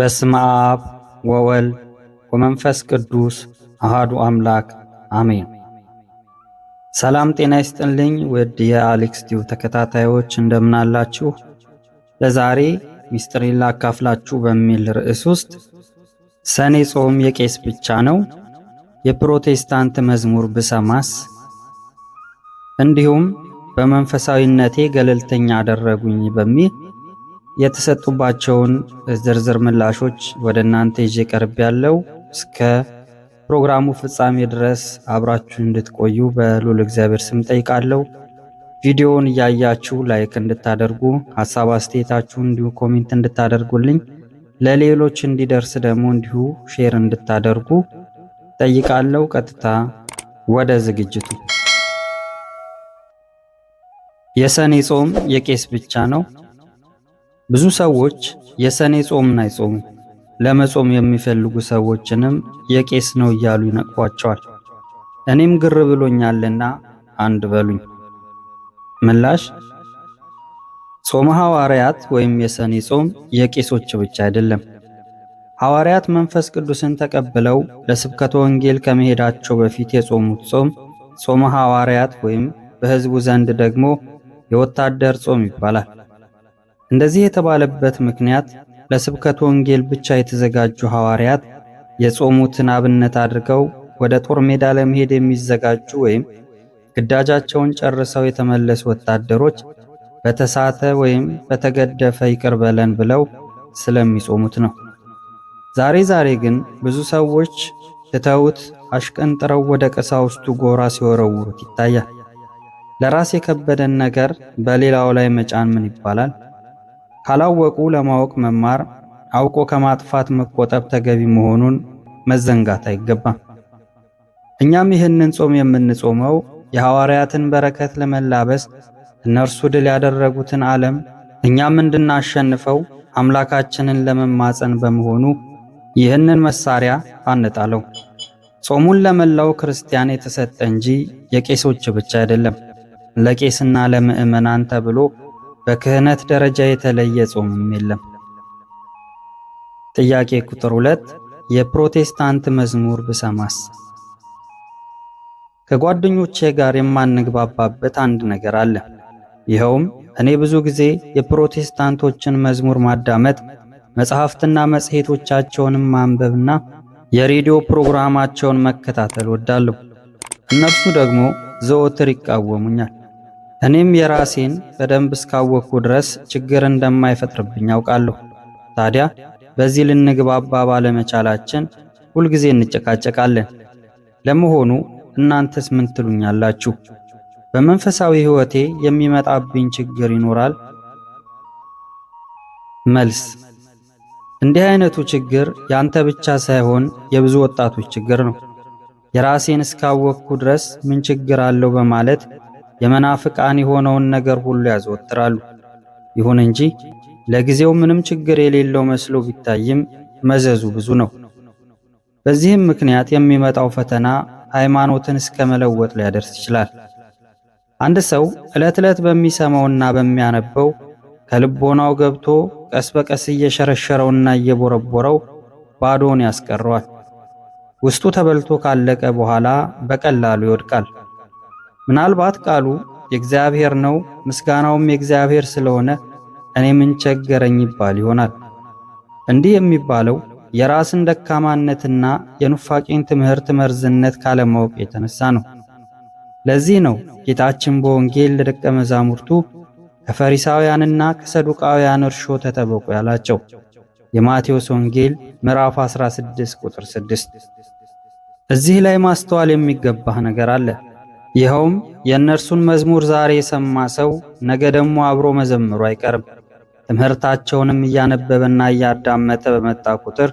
በስመ አብ ወወልድ ወመንፈስ ቅዱስ አሃዱ አምላክ አሜን። ሰላም ጤና ይስጥልኝ ውድ የአሌክስ ቲዩብ ተከታታዮች እንደምን አላችሁ? ለዛሬ ሚስጥሬን ላካፍላችሁ በሚል ርዕስ ውስጥ ሰኔ ጾም የቄስ ብቻ ነው፣ የፕሮቴስታንት መዝሙር ብሰማስ፣ እንዲሁም በመንፈሳዊነቴ ገለልተኛ አደረጉኝ በሚል የተሰጡባቸውን ዝርዝር ምላሾች ወደ እናንተ ይዤ ቀርብ ያለው እስከ ፕሮግራሙ ፍጻሜ ድረስ አብራችሁ እንድትቆዩ በሉል እግዚአብሔር ስም ጠይቃለሁ። ቪዲዮውን እያያችሁ ላይክ እንድታደርጉ፣ ሀሳብ አስተያየታችሁን እንዲሁ ኮሜንት እንድታደርጉልኝ፣ ለሌሎች እንዲደርስ ደግሞ እንዲሁ ሼር እንድታደርጉ ጠይቃለሁ። ቀጥታ ወደ ዝግጅቱ። የሰኔ ጾም የቄስ ብቻ ነው። ብዙ ሰዎች የሰኔ ጾምን አይጾሙ ለመጾም የሚፈልጉ ሰዎችንም የቄስ ነው እያሉ ይነቅፏቸዋል። እኔም ግር ብሎኛልና አንድ በሉኝ። ምላሽ ጾመ ሐዋርያት ወይም የሰኔ ጾም የቄሶች ብቻ አይደለም። ሐዋርያት መንፈስ ቅዱስን ተቀብለው ለስብከተ ወንጌል ከመሄዳቸው በፊት የጾሙት ጾም ጾመ ሐዋርያት ወይም በሕዝቡ ዘንድ ደግሞ የወታደር ጾም ይባላል። እንደዚህ የተባለበት ምክንያት ለስብከት ወንጌል ብቻ የተዘጋጁ ሐዋርያት የጾሙትን አብነት አድርገው ወደ ጦር ሜዳ ለመሄድ የሚዘጋጁ ወይም ግዳጃቸውን ጨርሰው የተመለሱ ወታደሮች በተሳተ ወይም በተገደፈ ይቅር በለን ብለው ስለሚጾሙት ነው። ዛሬ ዛሬ ግን ብዙ ሰዎች ትተውት አሽቀንጥረው ወደ ቀሳውስቱ ጎራ ሲወረውሩት ይታያል። ለራስ የከበደን ነገር በሌላው ላይ መጫን ምን ይባላል? ካላወቁ ለማወቅ መማር፣ አውቆ ከማጥፋት መቆጠብ ተገቢ መሆኑን መዘንጋት አይገባም። እኛም ይህንን ጾም የምንጾመው የሐዋርያትን በረከት ለመላበስ እነርሱ ድል ያደረጉትን ዓለም እኛም እንድናሸንፈው አምላካችንን ለመማፀን በመሆኑ ይህንን መሳሪያ አንጣለው። ጾሙን ለመላው ክርስቲያን የተሰጠ እንጂ የቄሶች ብቻ አይደለም። ለቄስና ለምእመናን ተብሎ በክህነት ደረጃ የተለየ ጾምም የለም። ጥያቄ ቁጥር ሁለት የፕሮቴስታንት መዝሙር ብሰማስ? ከጓደኞቼ ጋር የማንግባባበት አንድ ነገር አለ። ይኸውም እኔ ብዙ ጊዜ የፕሮቴስታንቶችን መዝሙር ማዳመጥ፣ መጽሐፍትና መጽሔቶቻቸውንም ማንበብና የሬዲዮ ፕሮግራማቸውን መከታተል ወዳለሁ። እነሱ ደግሞ ዘወትር ይቃወሙኛል። እኔም የራሴን በደንብ እስካወቅኩ ድረስ ችግር እንደማይፈጥርብኝ አውቃለሁ። ታዲያ በዚህ ልንግባባ ባለመቻላችን ሁልጊዜ እንጨቃጨቃለን። ለመሆኑ እናንተስ ምን ትሉኛላችሁ? በመንፈሳዊ ሕይወቴ የሚመጣብኝ ችግር ይኖራል? መልስ እንዲህ አይነቱ ችግር ያንተ ብቻ ሳይሆን የብዙ ወጣቶች ችግር ነው። የራሴን እስካወቅኩ ድረስ ምን ችግር አለው በማለት የመናፍቃን የሆነውን ነገር ሁሉ ያዘወትራሉ። ይሁን እንጂ ለጊዜው ምንም ችግር የሌለው መስሎ ቢታይም መዘዙ ብዙ ነው። በዚህም ምክንያት የሚመጣው ፈተና ሃይማኖትን እስከ መለወጥ ሊያደርስ ይችላል። አንድ ሰው ዕለት ዕለት በሚሰማውና በሚያነበው ከልቦናው ገብቶ ቀስ በቀስ እየሸረሸረውና እየቦረቦረው ባዶውን ያስቀረዋል። ውስጡ ተበልቶ ካለቀ በኋላ በቀላሉ ይወድቃል። ምናልባት ቃሉ የእግዚአብሔር ነው፣ ምስጋናውም የእግዚአብሔር ስለሆነ እኔ ምን ቸገረኝ ይባል ይሆናል። እንዲህ የሚባለው የራስን ደካማነትና የኑፋቄን ትምህርት መርዝነት ካለማወቅ የተነሳ ነው። ለዚህ ነው ጌታችን በወንጌል ለደቀ መዛሙርቱ ከፈሪሳውያንና ከሰዱቃውያን እርሾ ተጠበቁ ያላቸው። የማቴዎስ ወንጌል ምዕራፍ 16 ቁጥር 6። እዚህ ላይ ማስተዋል የሚገባህ ነገር አለ። ይኸውም የእነርሱን መዝሙር ዛሬ የሰማ ሰው ነገ ደግሞ አብሮ መዘምሩ አይቀርም። ትምህርታቸውንም እያነበበና እያዳመጠ በመጣ ቁጥር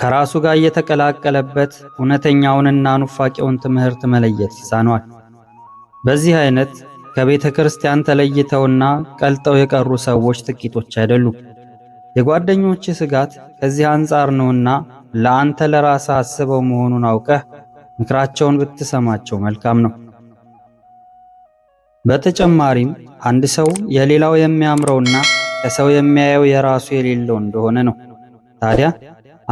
ከራሱ ጋር እየተቀላቀለበት እውነተኛውንና ኑፋቄውን ትምህርት መለየት ይሳኗል። በዚህ አይነት ከቤተ ክርስቲያን ተለይተውና ቀልጠው የቀሩ ሰዎች ጥቂቶች አይደሉም። የጓደኞች ስጋት ከዚህ አንጻር ነውና ለአንተ ለራስህ አስበው መሆኑን አውቀህ ምክራቸውን ብትሰማቸው መልካም ነው። በተጨማሪም አንድ ሰው የሌላው የሚያምረውና ከሰው የሚያየው የራሱ የሌለው እንደሆነ ነው። ታዲያ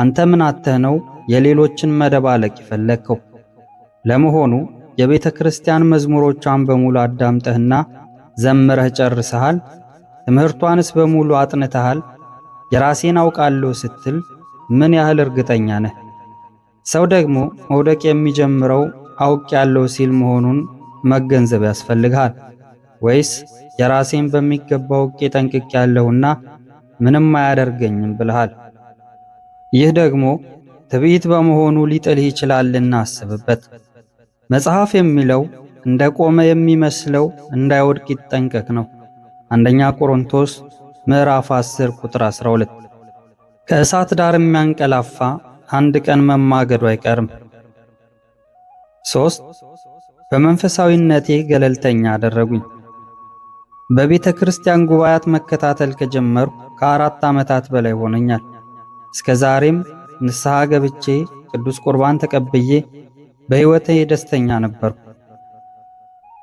አንተ ምን አተህ ነው የሌሎችን መደባለቅ የፈለግከው? ለመሆኑ የቤተ ክርስቲያን መዝሙሮቿን በሙሉ አዳምጠህና ዘምረህ ጨርሰሃል? ትምህርቷንስ በሙሉ አጥንተሃል? የራሴን አውቃለሁ ስትል ምን ያህል እርግጠኛ ነህ? ሰው ደግሞ መውደቅ የሚጀምረው አውቅ ያለው ሲል መሆኑን መገንዘብ ያስፈልግሃል። ወይስ የራሴን በሚገባ አውቄ ጠንቅቅ ያለሁና ምንም አያደርገኝም ብለሃል። ይህ ደግሞ ትዕቢት በመሆኑ ሊጥልህ ይችላልና አስብበት። መጽሐፍ የሚለው እንደ ቆመ የሚመስለው እንዳይወድቅ ይጠንቀቅ ነው። አንደኛ ቆሮንቶስ ምዕራፍ 10 ቁጥር 12 ከእሳት ዳር የሚያንቀላፋ አንድ ቀን መማገዱ አይቀርም። ሶስት በመንፈሳዊነቴ ገለልተኛ አደረጉኝ። በቤተ ክርስቲያን ጉባኤያት መከታተል ከጀመርኩ ከአራት ዓመታት በላይ ሆነኛል። እስከ ዛሬም ንስሐ ገብቼ ቅዱስ ቁርባን ተቀብዬ በሕይወቴ ደስተኛ ነበርኩ።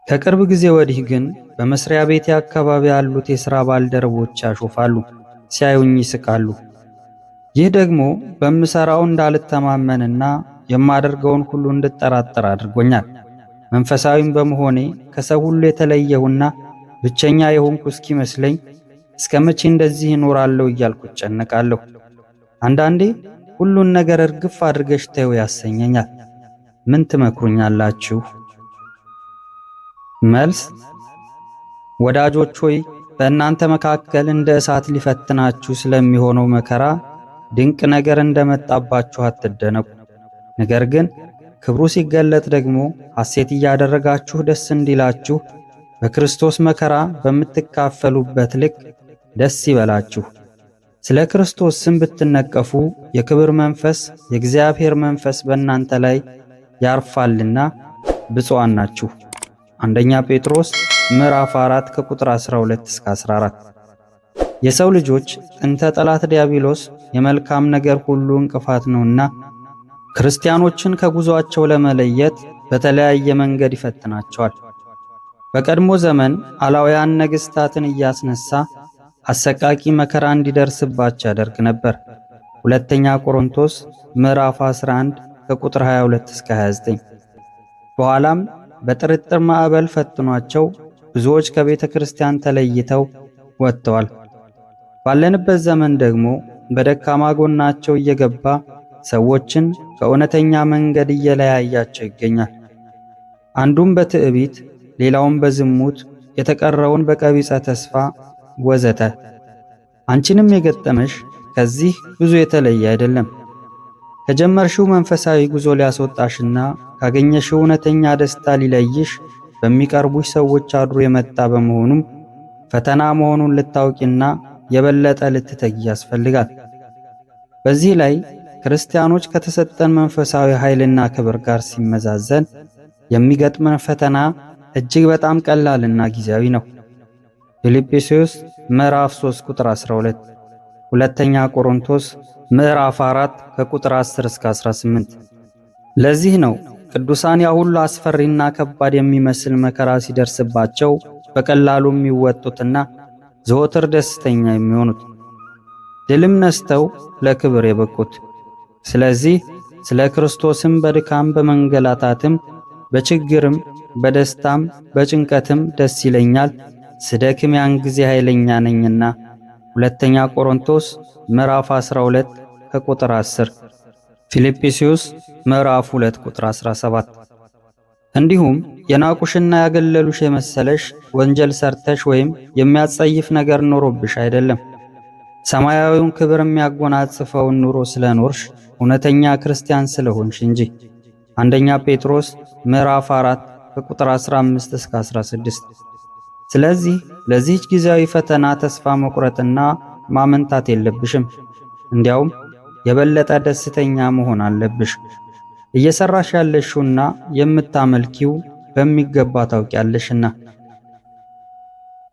ከቅርብ ጊዜ ወዲህ ግን በመስሪያ ቤቴ አካባቢ ያሉት የሥራ ባልደረቦች ያሾፋሉ፣ ሲያዩኝ ይስቃሉ። ይህ ደግሞ በምሰራው እንዳልተማመንና የማደርገውን ሁሉ እንድጠራጠር አድርጎኛል። መንፈሳዊም በመሆኔ ከሰው ሁሉ የተለየሁና ብቸኛ የሆንኩ እስኪመስለኝ እስከ መቼ እንደዚህ እኖራለሁ እያልኩ እጨነቃለሁ። አንዳንዴ ሁሉን ነገር እርግፍ አድርገሽ ተይው ያሰኘኛል። ምን ትመክሩኛላችሁ? መልስ፣ ወዳጆች ሆይ በእናንተ መካከል እንደ እሳት ሊፈትናችሁ ስለሚሆነው መከራ ድንቅ ነገር እንደመጣባችሁ አትደነቁ። ነገር ግን ክብሩ ሲገለጥ ደግሞ ሐሴት እያደረጋችሁ ደስ እንዲላችሁ በክርስቶስ መከራ በምትካፈሉበት ልክ ደስ ይበላችሁ። ስለ ክርስቶስ ስም ብትነቀፉ የክብር መንፈስ የእግዚአብሔር መንፈስ በእናንተ ላይ ያርፋልና ብፁዓን ናችሁ። አንደኛ ጴጥሮስ ምዕራፍ 4 ከቁጥር 12 እስከ 14። የሰው ልጆች ጥንተ ጠላት ዲያብሎስ የመልካም ነገር ሁሉ እንቅፋት ነውና ክርስቲያኖችን ከጉዞአቸው ለመለየት በተለያየ መንገድ ይፈትናቸዋል። በቀድሞ ዘመን አላውያን ነገሥታትን እያስነሳ አሰቃቂ መከራ እንዲደርስባቸው ያደርግ ነበር። ሁለተኛ ቆሮንቶስ ምዕራፍ 11 ከቁጥር 22 እስከ 29። በኋላም በጥርጥር ማዕበል ፈትኗቸው ብዙዎች ከቤተ ክርስቲያን ተለይተው ወጥተዋል። ባለንበት ዘመን ደግሞ በደካማ ጎናቸው እየገባ ሰዎችን ከእውነተኛ መንገድ እየለያያቸው ይገኛል። አንዱም በትዕቢት ሌላውም በዝሙት የተቀረውን በቀቢጸ ተስፋ ወዘተ። አንቺንም የገጠመሽ ከዚህ ብዙ የተለየ አይደለም። ከጀመርሽው መንፈሳዊ ጉዞ ሊያስወጣሽና ካገኘሽው እውነተኛ ደስታ ሊለይሽ በሚቀርቡሽ ሰዎች አድሮ የመጣ በመሆኑም ፈተና መሆኑን ልታውቂና የበለጠ ልትተጊ ያስፈልጋል። በዚህ ላይ ክርስቲያኖች ከተሰጠን መንፈሳዊ ኃይልና ክብር ጋር ሲመዛዘን የሚገጥመን ፈተና እጅግ በጣም ቀላልና ጊዜያዊ ነው። ፊልጵስዩስ ምዕራፍ 3 ቁጥር 12፣ ሁለተኛ ቆሮንቶስ ምዕራፍ 4 ከቁጥር 10 እስከ 18። ለዚህ ነው ቅዱሳን ያ ሁሉ አስፈሪና ከባድ የሚመስል መከራ ሲደርስባቸው በቀላሉ የሚወጡትና ዘወትር ደስተኛ የሚሆኑት። ድልም ነስተው ለክብር የበቁት። ስለዚህ ስለ ክርስቶስም በድካም በመንገላታትም በችግርም በደስታም በጭንቀትም ደስ ይለኛል፣ ስደክም ያን ጊዜ ኃይለኛ ነኝና። ሁለተኛ ቆሮንቶስ ምዕራፍ 12 ከቁጥር 10፣ ፊልጵስዩስ ምዕራፍ 2 ቁጥር 17። እንዲሁም የናቁሽና ያገለሉሽ የመሰለሽ ወንጀል ሰርተሽ ወይም የሚያጸይፍ ነገር ኖሮብሽ አይደለም ሰማያዊውን ክብር የሚያጎናጽፈውን ኑሮ ስለኖርሽ እውነተኛ ክርስቲያን ስለሆንሽ እንጂ። አንደኛ ጴጥሮስ ምዕራፍ 4 ቁጥር 15 እስከ 16። ስለዚህ ለዚህች ጊዜያዊ ፈተና ተስፋ መቁረጥና ማመንታት የለብሽም። እንዲያውም የበለጠ ደስተኛ መሆን አለብሽ። እየሰራሽ ያለሽውና የምታመልኪው በሚገባ ታውቂያለሽና።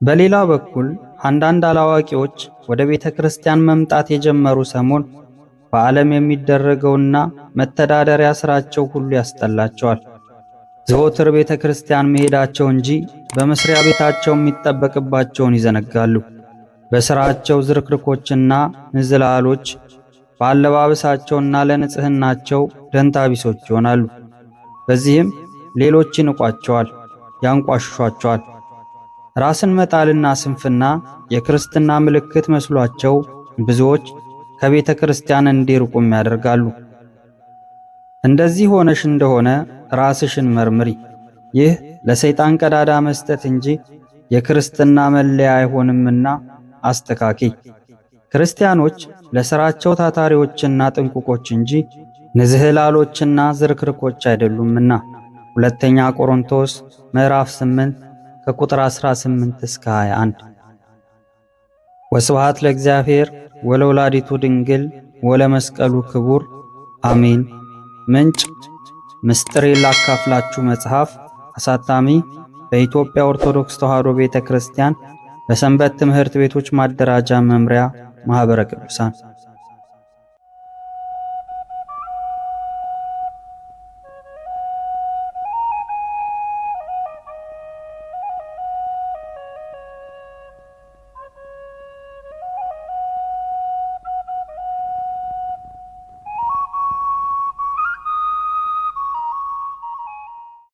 በሌላ በኩል አንዳንድ አላዋቂዎች ወደ ቤተ ክርስቲያን መምጣት የጀመሩ ሰሞን በዓለም የሚደረገውና መተዳደሪያ ስራቸው ሁሉ ያስጠላቸዋል። ዘወትር ቤተ ክርስቲያን መሄዳቸው እንጂ በመስሪያ ቤታቸው የሚጠበቅባቸውን ይዘነጋሉ። በስራቸው ዝርክርኮችና ንዝላሎች፣ በአለባበሳቸውና ለንጽህናቸው ደንታቢሶች ይሆናሉ። በዚህም ሌሎች ይንቋቸዋል፣ ያንቋሽሿቸዋል። ራስን መጣልና ስንፍና የክርስትና ምልክት መስሏቸው ብዙዎች ከቤተ ክርስቲያን እንዲርቁም ያደርጋሉ። እንደዚህ ሆነሽ እንደሆነ ራስሽን መርምሪ። ይህ ለሰይጣን ቀዳዳ መስጠት እንጂ የክርስትና መለያ አይሆንምና አስተካኪ። ክርስቲያኖች ለሥራቸው ታታሪዎችና ጥንቁቆች እንጂ ንዝህላሎችና ዝርክርኮች አይደሉምና። ሁለተኛ ቆሮንቶስ ምዕራፍ 8 ከቁጥር 18 እስከ 21 ወስብሐት ለእግዚአብሔር ወለወላዲቱ ድንግል ወለመስቀሉ ክቡር አሜን። ምንጭ ምስጢሬን ላካፍላችሁ መጽሐፍ አሳታሚ በኢትዮጵያ ኦርቶዶክስ ተዋሕዶ ቤተ ክርስቲያን በሰንበት ትምህርት ቤቶች ማደራጃ መምሪያ ማኅበረ ቅዱሳን